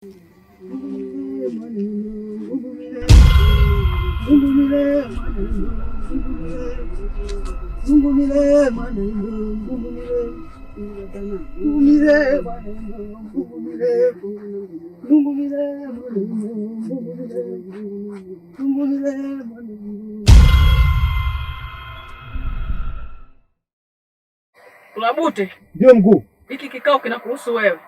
Mungu milele, Kulabute ndio mkuu, hiki kikao kinakuhusu wewe.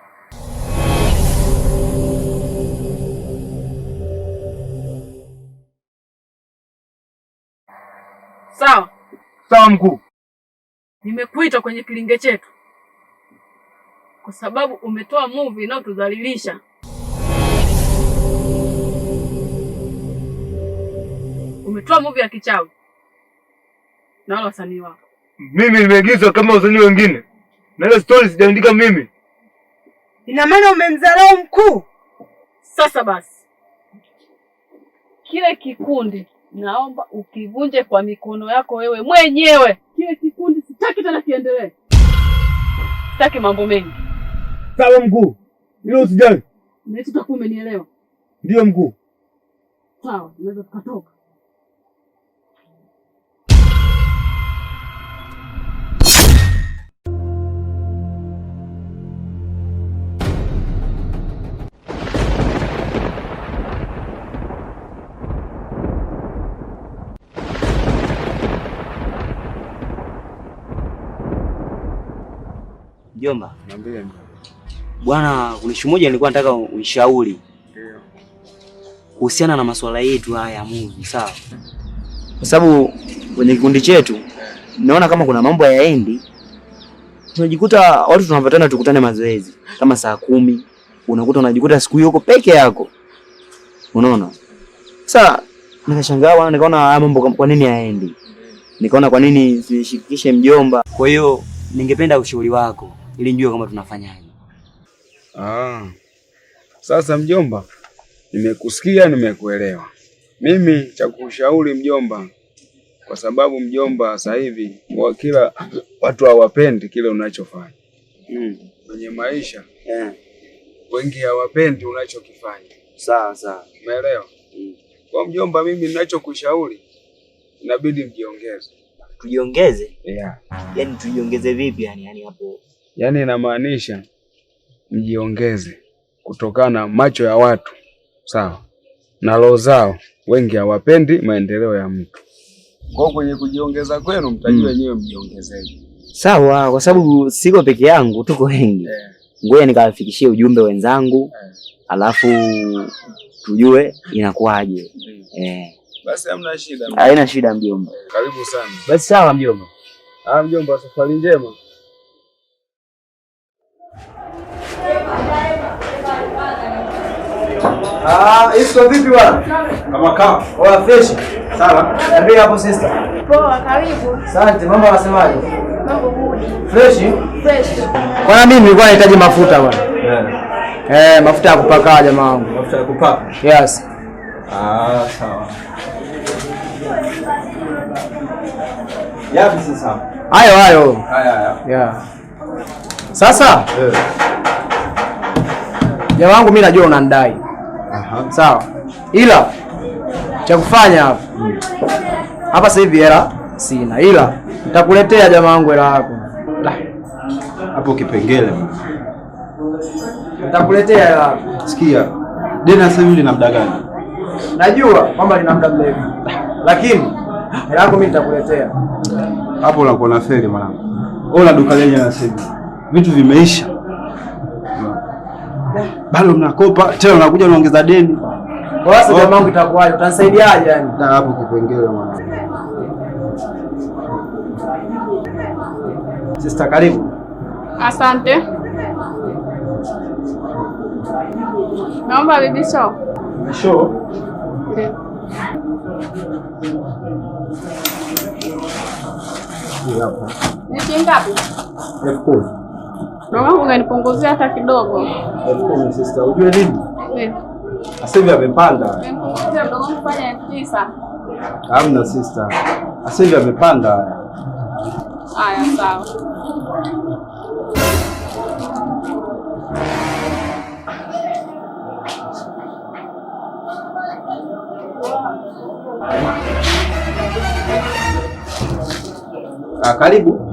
Sawa sawa, mkuu. Nimekuita kwenye kilinge chetu kwa sababu umetoa movie inayotudhalilisha. Umetoa movie ya kichawi na wala wasanii wako. Mimi nimeigizwa kama wasanii wengine, na ile story sijaandika mimi. Ina maana umemdharau mkuu? Sasa basi, kile kikundi naomba ukivunje kwa mikono yako wewe mwenyewe. Kile kikundi sitaki tena kiendelee, sitaki mambo mengi. Sawa mkuu, ile usijali. Utakuwa umenielewa? Ndio mkuu. Sawa, unaweza tukatoka. Jomba, niambie bwana, kuna shughuli moja nilikuwa nataka unishauri kuhusiana na masuala yetu haya ya movie, sawa? Kwa sababu kwenye kikundi chetu naona kama kuna mambo hayaendi, tunajikuta watu tunapatana, tukutane mazoezi kama saa kumi, unakuta unajikuta siku hiyo uko peke yako, unaona. Sasa nikashangaa bwana, nikaona haya mambo kwa nini hayaendi, nikaona kwa nini sishikishe mjomba. Kwa hiyo ningependa ushauri wako ili nijue kama tunafanyaje. Ah. Sasa mjomba, nimekusikia, nimekuelewa. Mimi cha kushauri mjomba, kwa sababu mjomba sasa hivi kwa kila watu hawapendi kile unachofanya mm. kwenye maisha yeah. wengi hawapendi unachokifanya. Sawa sawa, umeelewa? mm. Kwa mjomba, mimi ninachokushauri inabidi mjiongeze. Tujiongeze? Yeah. Yaani tujiongeze vipi? Yani yani hapo Yaani inamaanisha mjiongeze kutokana na macho ya watu sawa na roho zao, wengi hawapendi maendeleo ya mtu. Kwa kwenye kujiongeza kwenu mtajua wenyewe, mm. mjiongezeje. Sawa, kwa sababu siko peke yangu, tuko wengi yeah. Ngoja nikawafikishie ujumbe wenzangu yeah. Alafu tujue inakuwaje Yeah. yeah. Basi hamna shida, haina shida mjomba. Karibu sana. Basi sawa mjomba. Ah, mjomba, safari njema. Ah, iko vipi bwana? Kama kapo. Poa fresh. Sawa. Niambie hapo sister. Poa, karibu. Asante, mambo anasemaje? Mambo good. Fresh? Fresh. Bwana mimi nilikuwa nahitaji mafuta bwana. Yeah. Eh, mafuta ya kupaka jamaa wangu. Mafuta ya kupaka. Yes. Ah, sawa. Yapi sasa? Hayo hayo. Hayo hayo. Yeah. Sasa? Yeah. Jamaa wangu mimi najua unanidai sawa, ila cha kufanya hapa hapa sasa hivi hela sina, ila nitakuletea jamaa wangu hela yako hapo kipengele, nitakuletea hela Sikia deni sasa hivi lina muda gani? Najua kwamba lina muda mrefu, lakini hela yako mimi nitakuletea hapo. Unakuwa na feri mwanangu, wewe una duka lenye na sasa hivi vitu vimeisha bado mnakopa tena, unakuja unaongeza deni. Sasa jamaa oh. wangu, itakuwaje? Utanisaidiaje yani? Na Hapo kipengele mwanangu. Sister, karibu. Asante. Naomba bibi show. Show. Okay. Ni ngapi? Ni kumi. Mama wangu kanipunguzia hata kidogo. Elfu sister, ujue Sasa hivi amepanda. amna sister. Sasa hivi amepanda. Haya sawa. Ah, karibu.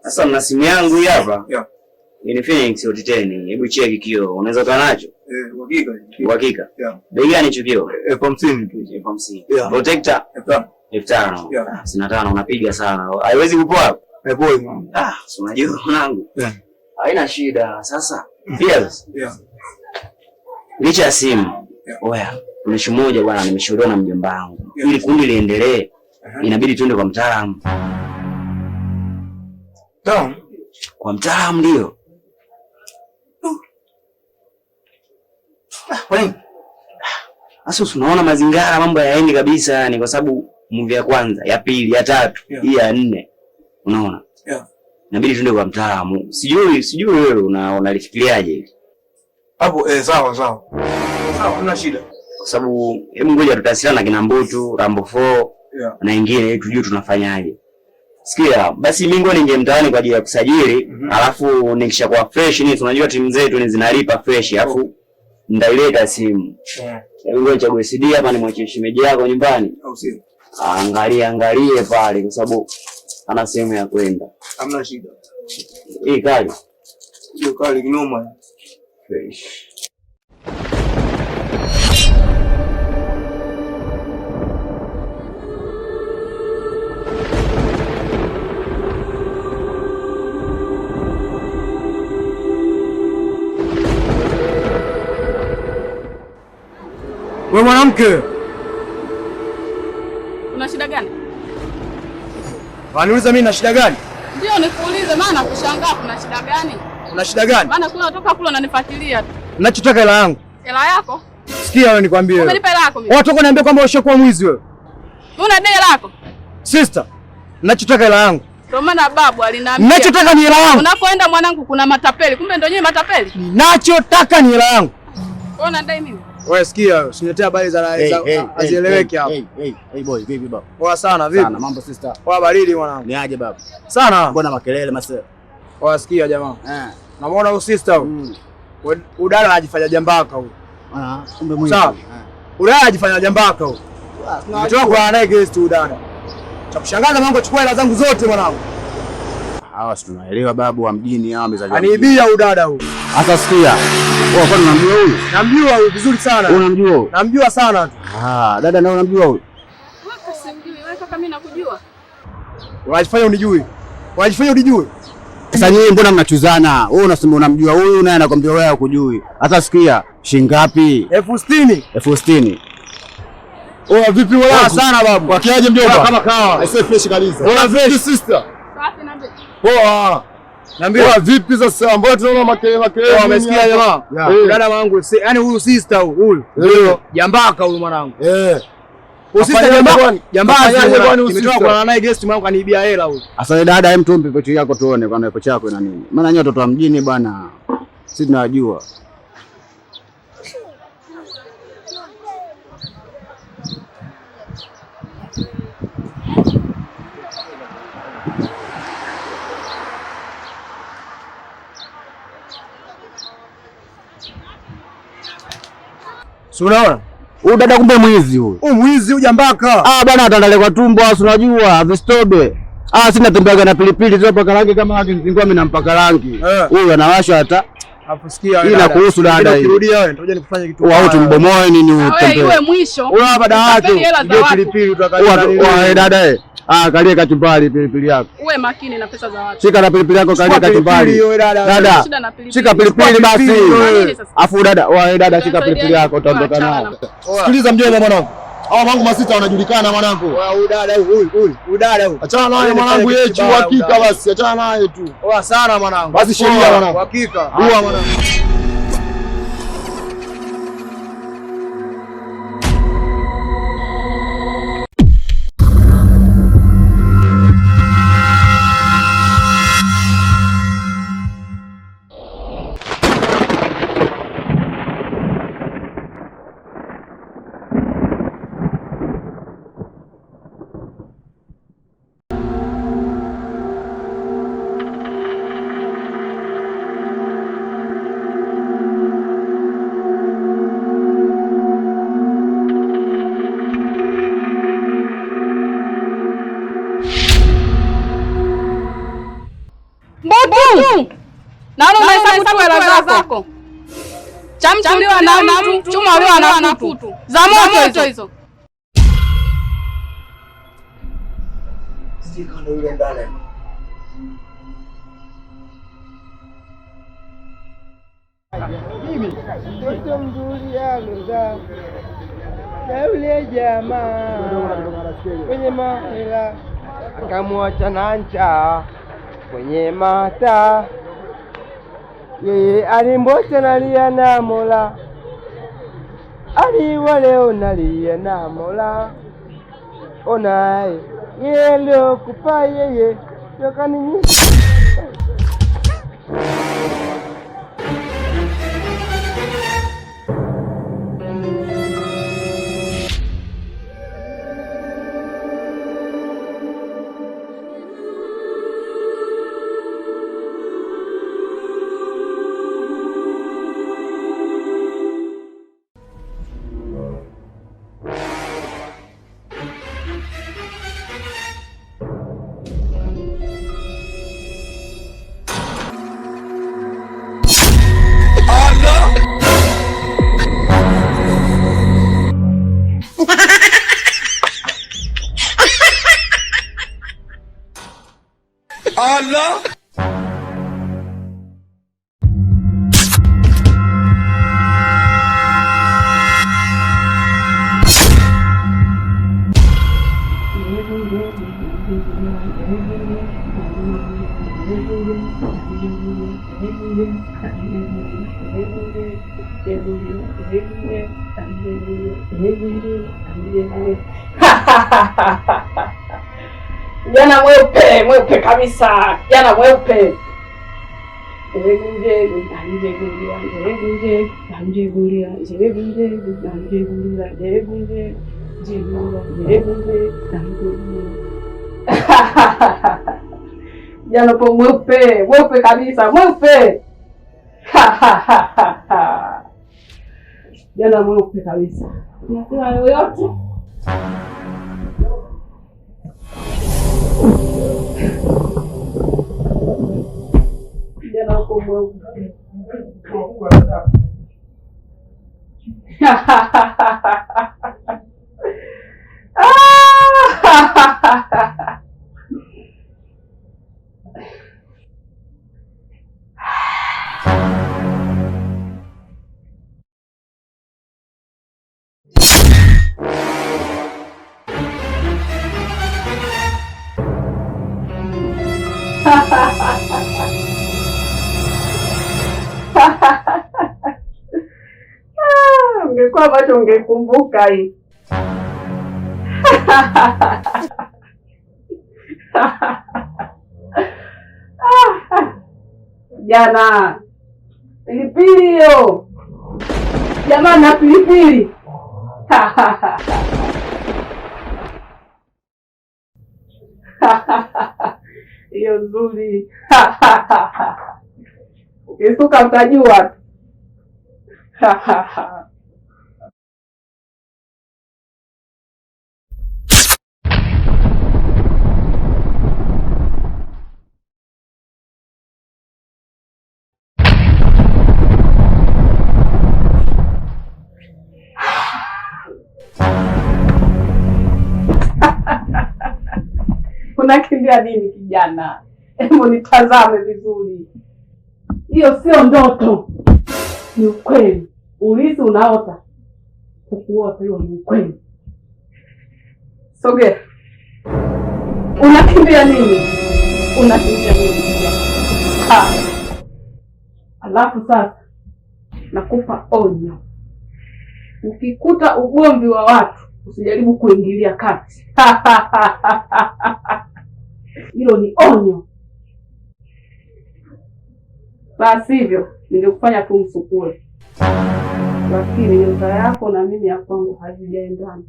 Sasa na simu yangu hii hapa Infinix Hot 10. Hebu cheki kio, unaweza kuwa nacho Eh, uhakika? Uhakika. Yeah. Bei gani hicho kio? Eh, elfu hamsini elfu hamsini Protector elfu tano hamsini ah, tano Unapiga sana, haiwezi kupoa. Eh, ah, unajua mwanangu, Yeah. haina shida. Sasa mm. pia Yeah. licha ya simu, oya, kuna shughuli moja bwana, nimeshauriwa na mjomba wangu, Yeah. ili kundi liendelee Uh -huh. inabidi tuende kwa mtaalamu Uh -huh. Naam. Kwa mtaalamu ndio. Ah, Sasa unaona mazingira mambo hayaendi kabisa yani kwa sababu muvi ya kwanza, ya pili, ya tatu, hii yeah, ya nne. Unaona? Yeah. Inabidi tuende kwa mtaalamu. Sijui sijui wewe una unalifikiriaje hili? Hapo eh, sawa sawa. Sawa, hamna shida. Kwa sababu hebu ngoja tutawasiliana kina Mbutu, Rambo 4 yeah, na wengine tujue tunafanyaje. Sikia, basi mimi ninge mtaani kwa ajili ya kusajili, mm -hmm. Alafu nikisha kwa fresh ni tunajua timu zetu ni zinalipa fresh, alafu ndaileta simu. Yeah. Ngoja nichague CD hapa ni mwache shemeji yako nyumbani. Au sio? Angalia angalie pale kwa sababu ana sehemu ya kwenda. Hamna shida. Hii kali. Hiyo kali kinoma. Fresh. We mwanamke, una shida gani? Waniuliza mimi na shida gani? Ndio nikuulize, maana kushangaa kuna shida gani? Una shida gani? Maana kuna kutoka kule unanifuatilia tu. Ninachotaka hela yangu. Hela yako? Sikia wewe nikwambie. Umenipa hela yako mimi. Watu wako niambia kwamba ushakuwa mwizi wewe. Una deni hela yako? Sister, ninachotaka hela yangu. Ndio maana babu aliniambia. Ninachotaka ni hela yangu. Unakoenda mwanangu kuna matapeli. Kumbe ndio nyewe matapeli. Ninachotaka ni hela yangu. Wewe unadai mimi? Wewe sikia, usiniletee habari za azieleweke hapo. Hey hey, boy, vipi baba? Poa sana, vipi? Sana, mambo sister. Poa baridi mwanangu. Ni aje baba? Sana. Mbona makelele mase? Poa sikia jamaa. Eh. Namuona huyu sister huyu. Mm. Udala anajifanya jambaka huyu. Ah, kumbe mwingi. Sawa. Eh. Udala anajifanya jambaka huyu. Ah, Tunatoka naye guest udala. Cha kushangaza mambo, chukua hela zangu zote mwanangu. Hawa si tunaelewa babu wa mjini hawa wamezalia. Anibia udada huyu. Sasa sikia. Wewe oh, kwani unamjua huyu? Namjua huyu vizuri sana. Unamjua huyu? Namjua sana tu. Ah, dada na unamjua huyu? Wewe simjui. Wewe kaka mimi nakujua. Unajifanya unijui. Unajifanya unijui. Sasa nyinyi mbona mnachuzana? Wewe unasema unamjua huyu naye anakwambia wewe hukujui. Sasa shingapi? Elfu sitini. Elfu sitini. Oa oh, vipi wala sana babu. Wakiaje mjomba? Kama kawa. I fresh kabisa. Oa fresh sister. Safi na mbe. Oa. Niambia vipi sasa ambao tunaona makelele makelele. Wamesikia yaani jamaa. Dada wangu, yani huyu sister huyu. Huyu. Jambaka huyu mwanangu. Eh. Usista jambaka. Jambaka bwana usitoa kwa naye guest mwanangu kaniibia hela huyu. Asa dada, hem tumpe pochi yako tuone kwa pochi yako ina nini. Maana nyote watoto wa mjini bwana. Sisi tunajua. Si unaona? Huyu dada kumbe mwizi huyu. Huyu mwizi huyu jambaka. Ah, bwana atandale kwa tumbo, si unajua, vistobe. Ah, sina tembeaga na pilipili zipo paka rangi kama yake nzingua mimi nampaka rangi. Eh. Huyu anawasha hata. Afusikia wewe. Hii Inakuhusu dada hii. Ukirudia wewe, ngoja nikufanye kitu. Wao tumbomoe nini utembee. Ah, wewe mwisho. Wewe hapa dada yake. Pilipili utakaje? Oh, eh, dada yeye. Eh. Ah, kalia kachumbari pilipili yako. Uwe makini na pesa za watu. Shika na pilipili yako kalia kachumbari. Dada. Shika pilipili basi. Afu dada, wewe eh, dada shika pilipili yako utaondoka nayo. Sikiliza mjomba mwanangu. Hao wangu masita wanajulikana mwanangu. Wewe dada huyu huyu, huyu dada huyu. Achana naye mwanangu yeye tu hakika basi. Achana naye tu. Poa sana mwanangu. Basi sheria mwanangu. Hakika. Dua mwanangu. zako cha mtu liwa na mtu, chuma liwa na kutu za moto hizo. yule ndale. Mimi Mtoto mzuri alozaa na yule jamaa kwenye mahela akamwacha na ncha kwenye mata yeye alimbote nalia na mola aliwa leo nalia na mola onaye yeye leo kupa yeye yokaninyii mweupe mweupe kabisa, kijana mweupe kijana po mweupe mweupe kabisa mweupe jana mweupe kabisa, yoyote ah! Kilikuwa ambacho ungekumbuka hii. Jana pilipili hiyo jamani, na pilipili hiyo nzuri. Ukisuka utajua tu. unakimbia nini kijana? Hebu nitazame vizuri, hiyo sio ndoto, ni ukweli. Ulizi unaota kukuota, hiyo ni ukweli. Sogea. Unakimbia nini? Unakimbia nini? Alafu sasa nakupa onyo, ukikuta ugomvi wa watu usijaribu kuingilia kati. Hilo ni onyo, Basi hivyo ningekufanya tu msukule, lakini nyota yako na mimi ya kwangu hazijaendana.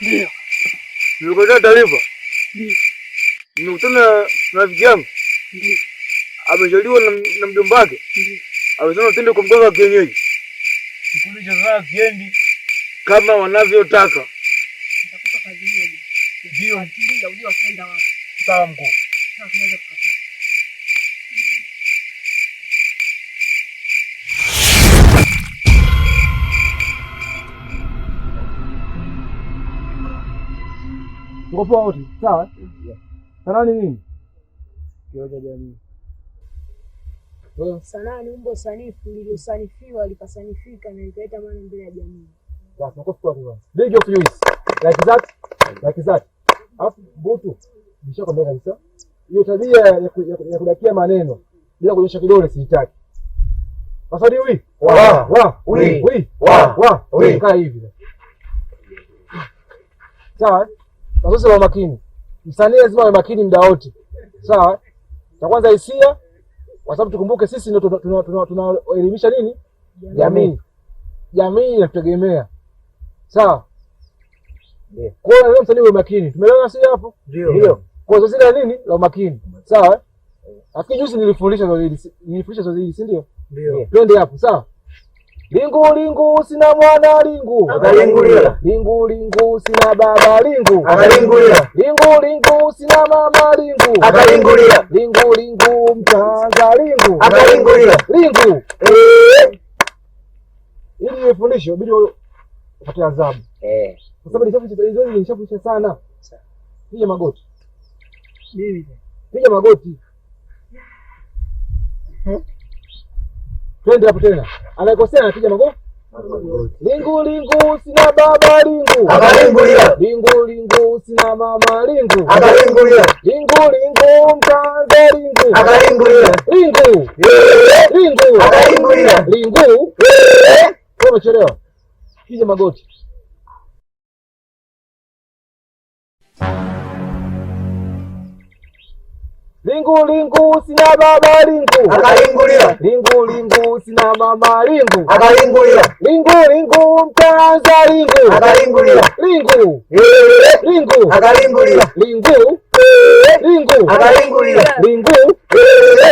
Ndio. Nilikuletea taarifa. Ndio nimekutana na vijana ameshaliwa na mjomba wake, amesema tende kwa mganga wa kienyeji kiendi kama wanavyotaka. Sawa mkuu. Ngopoa wote sawa. Sanaa ni nini? Kioo jamii. Sanaa ni umbo sanifu liliosanifiwa likasanifika na likaleta maana mbele ya jamii. Sasa makofi kwa kwa. Big of you is. Like that. Like that. Alafu mbutu nishakwambia kabisa. Hiyo tabia ya kudakia maneno bila kuonyesha kidole siitaki. Maswali wi. Wa wa wi wi wa wa wi kaa hivi. Sawa? Eh? Sasa wa makini msanii lazima awe makini muda wote, sawa. Cha kwanza hisia, kwa sababu tukumbuke sisi ndio tunaelimisha nini jamii, jamii inatutegemea, sawa. Kwa hiyo msanii awe makini, tumeelewana sisi hapo, ndio kwa zoezi la nini la makini, sawa. Nafikiri juzi nilifundisha zoezi, nilifundisha zoezi, si ndio? Twende hapo, sawa. Lingu lingu sina mwana lingu analingulia, lingu lingu sina baba lingu analingulia, lingu lingu sina mama lingu analingulia, lingu lingu mtanza lingu analingulia, lingu eh. ili fundisho bidi upate adhabu eh, kwa sababu hizo nishafundisha sana. Piga magoti mimi, piga magoti eh. Twende hapo tena. Anakosea anapiga magofu. Lingu lingu sina baba lingu. Baba lingu Lingu sina mama lingu. Baba lingu ya. Lingu lingu lingu. lingu Lingu. Lingu. umechelewa. Piga magoti. Lingu lingu sina baba lingu akalingulia, lingu lingu sina mama lingu akalingulia, lingu lingu mtaanza lingu akalingulia, lingu lingu akalingulia, lingu lingu akalingulia, lingu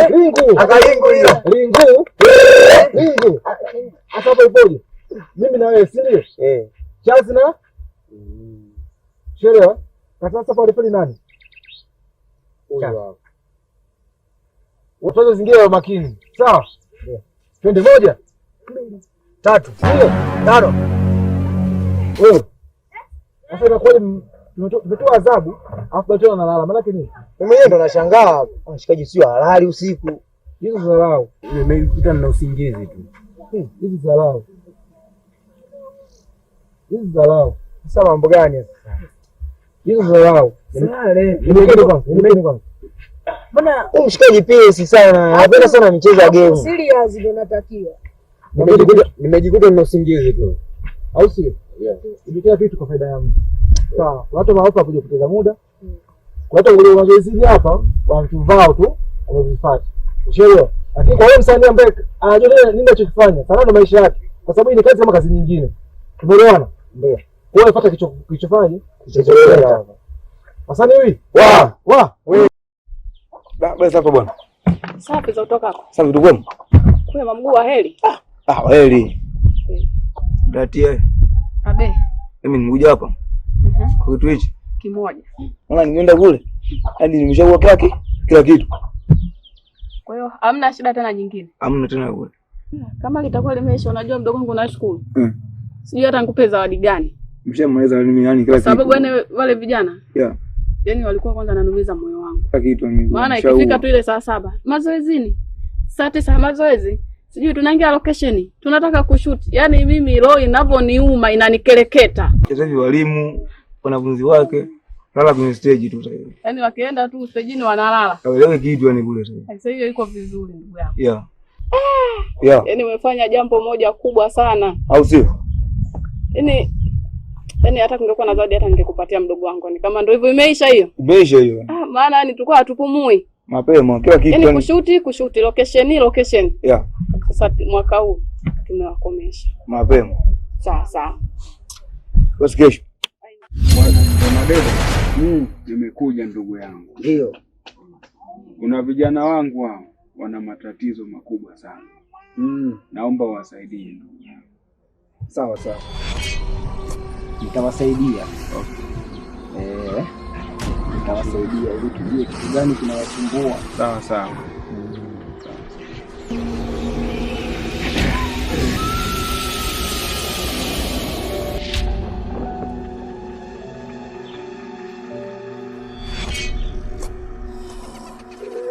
lingu akalingulia, lingu lingu asapo ipoje? Mimi na wewe si ndio? Eh, chazi sherehe katika safari pili nani? Huyo watu wazingira makini, sawa? Twende moja, tatu, nne, tano. Wewe eh? sasa inakuwa tumetoa adhabu afu bado analala, maana yake nini? Mimi mwenyewe ndo nashangaa, mshikaji sio halali usiku. Hizo zarau nimekuta na usingizi tu, hmm, hizi zarau, hizi zarau. Sasa mambo gani sasa? Hizo zarau. Nimekeni kwanza, nimekeni kwanza Mbona mshikaji pesi sana? Napenda sana nicheza game. Serious ndio natakiwa. Nimejikuta nina usingizi tu. Au sio? Yeah. Ndio vitu kwa faida yangu. Sawa. Watu hapa kuja kupoteza muda. Mm. Kwa Watu wale wazoezi hapa vao tu wamevipata. Ushaelewa? Lakini kwa wewe msanii ambaye anajua nini anachokifanya, sana na maisha yake. Kwa sababu hii ni kazi kama kazi nyingine. Tumeelewana? Ndio. Kwa hiyo fuata kichofanye, kichofanye. Wasanii hivi. Wa, wa, wewe Habari zako bwana? Safi za kutoka Safi tu kwema? Kule mamguu wa heri. Ah, ah heri. Dati yeye. Abe. Mimi nimekuja hapa. Mhm. Kwa kitu hichi kimoja. Maana ningeenda kule hadi yaani nimeshaua paki kila kitu. Kwa hiyo hamna shida tena nyingine. Hamna tena kule. Kama litakuwa limeisha, unajua mdogo wangu nashukuru. Mm. Sijui hata nikupe zawadi gani. Mshamaliza nini yani kila kitu. Sababu wale vijana? Yeah. Yaani walikuwa kwanza nanumiza moyo wangu, maana ikifika tu ile saa saba mazoezini, saa tisa mazoezi, sijui tunaingia location, tunataka kushuti. Yaani mimi roho inavyoniuma inanikereketa. Sasa walimu wanafunzi wake lala kwenye stage tu sasa hivi, yaani wakienda tu stejini wanalala, hawaelewi kitu yani kule sasa. Sasa hiyo iko vizuri ndugu yangu yeah. Eh! yeah. Yaani umefanya jambo moja kubwa sana, au sio? yaani Yaani hata kungekuwa na zawadi hata ningekupatia mdogo wangu. Ni kama ndio hivyo imeisha hiyo. Imeisha hiyo. Ah, maana ni tulikuwa hatupumui. Mapema kila kitu. Yaani kushuti kushuti location location. Yeah. Sasa mwaka huu tumewakomesha. Mapema. Sawa sawa. Bas kesho. Mm, nimekuja ndugu yangu. Ndio. Kuna vijana wangu hao wana matatizo makubwa sana. Mm. Naomba wasaidie ndugu yangu. Sawa sawa nitawasaidia eh, nikawasaidia ili tujue kitu gani kinawasumbua. Sawa sawa.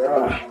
Ah.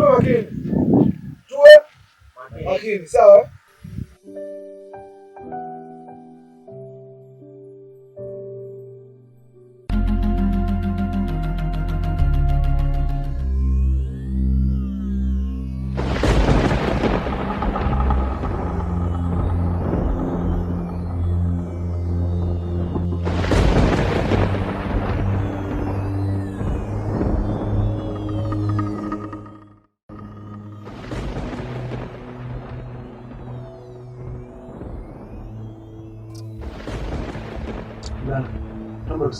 tuwe makini, tuwe makini, sawa.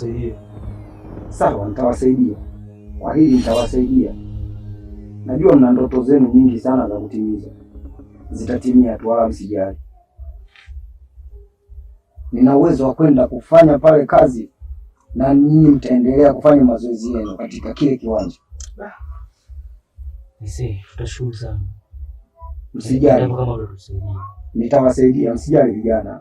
nikusaidie. Sawa, nitawasaidia kwa hili, nitawasaidia. Najua mna ndoto zenu nyingi sana za kutimiza, zitatimia tu, wala msijali. Nina uwezo wa kwenda kufanya pale kazi na nyinyi mtaendelea kufanya mazoezi yenu katika kile kiwanja. Msijali, nitawasaidia, msijali vijana.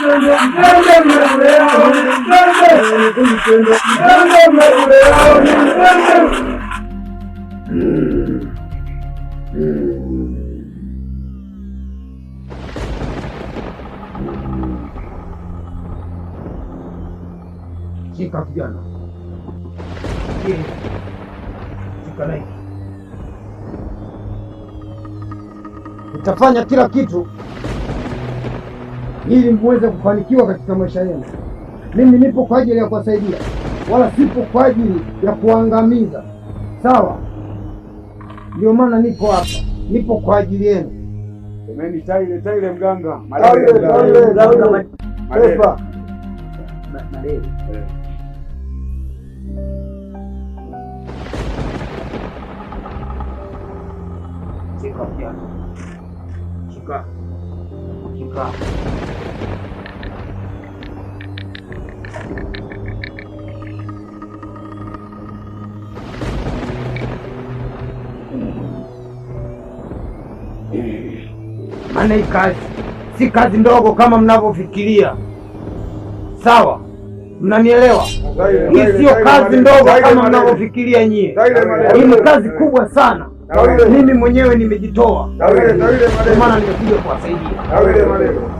Shika kijana, shika nai, utafanya kila kitu ili muweze kufanikiwa katika maisha yenu. Mimi nipo kwa ajili ya kuwasaidia, wala sipo kwa ajili ya kuangamiza, sawa? Ndio maana niko hapa, nipo kwa ajili yenu. Semeni taile taile, mganga Chika, chika, chika. Maana hii kazi si kazi ndogo kama mnavyofikiria, sawa? Mnanielewa? Hii sio kazi ndogo kama mnavyofikiria nyie, hii ni kazi kubwa sana. Mimi mwenyewe nimejitoa, maana nimekuja kuwasaidia.